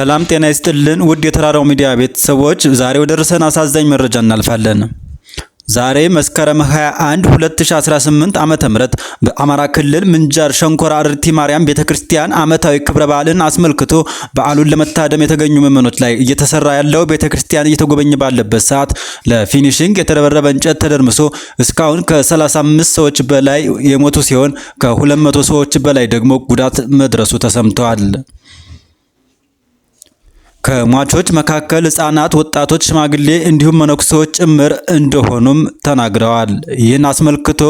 ሰላም ጤና ይስጥልን ውድ የተራራው ሚዲያ ቤተሰቦች፣ ዛሬ ወደረሰን አሳዛኝ መረጃ እናልፋለን። ዛሬ መስከረም 21 2018 ዓመተ ምህረት በአማራ ክልል ምንጃር ሸንኮራ አርቲ ማርያም ቤተክርስቲያን ዓመታዊ ክብረ በዓልን አስመልክቶ በዓሉን ለመታደም የተገኙ ምዕመኖች ላይ እየተሰራ ያለው ቤተክርስቲያን እየተጎበኘ ባለበት ሰዓት ለፊኒሽንግ የተረበረበ እንጨት ተደርምሶ እስካሁን ከ35 ሰዎች በላይ የሞቱ ሲሆን ከ200 ሰዎች በላይ ደግሞ ጉዳት መድረሱ ተሰምተዋል። ከሟቾች መካከል ህጻናት፣ ወጣቶች፣ ሽማግሌ እንዲሁም መነኩሴዎች ጭምር እንደሆኑም ተናግረዋል። ይህን አስመልክቶ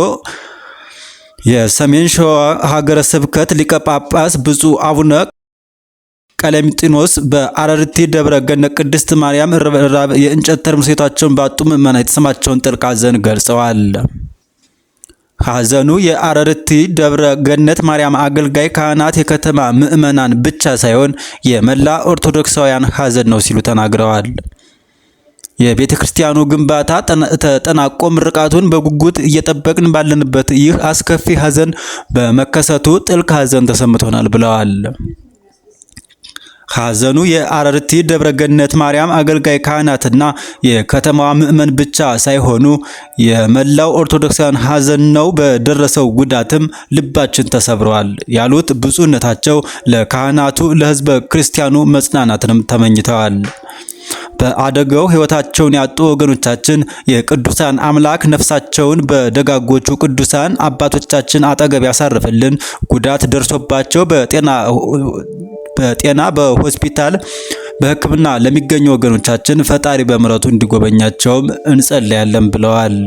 የሰሜን ሸዋ ሀገረ ስብከት ሊቀ ጳጳስ ብፁዕ አቡነ ቀለምጢኖስ በአረርቲ ደብረ ገነት ቅድስት ማርያም ርብራብ የእንጨት ተርምሴታቸውን ባጡ ምዕመናን የተሰማቸውን ጥልቅ ሐዘን ገልጸዋል። ሐዘኑ የአረርቲ ደብረ ገነት ማርያም አገልጋይ ካህናት፣ የከተማ ምዕመናን ብቻ ሳይሆን የመላ ኦርቶዶክሳውያን ሐዘን ነው ሲሉ ተናግረዋል። የቤተ ክርስቲያኑ ግንባታ ተጠናቆ ምርቃቱን በጉጉት እየጠበቅን ባለንበት ይህ አስከፊ ሐዘን በመከሰቱ ጥልቅ ሐዘን ተሰምቶናል ብለዋል። ሐዘኑ የአረርቲ ደብረገነት ማርያም አገልጋይ ካህናትና የከተማዋ ምእመን ብቻ ሳይሆኑ የመላው ኦርቶዶክሳውያን ሐዘን ነው። በደረሰው ጉዳትም ልባችን ተሰብረዋል ያሉት ብፁዕነታቸው ለካህናቱ፣ ለሕዝበ ክርስቲያኑ መጽናናትንም ተመኝተዋል። በአደጋው ሕይወታቸውን ያጡ ወገኖቻችን የቅዱሳን አምላክ ነፍሳቸውን በደጋጎቹ ቅዱሳን አባቶቻችን አጠገብ ያሳርፍልን። ጉዳት ደርሶባቸው በጤና በጤና በሆስፒታል በሕክምና ለሚገኙ ወገኖቻችን ፈጣሪ በምሕረቱ እንዲጎበኛቸውም እንጸልያለን ብለዋል።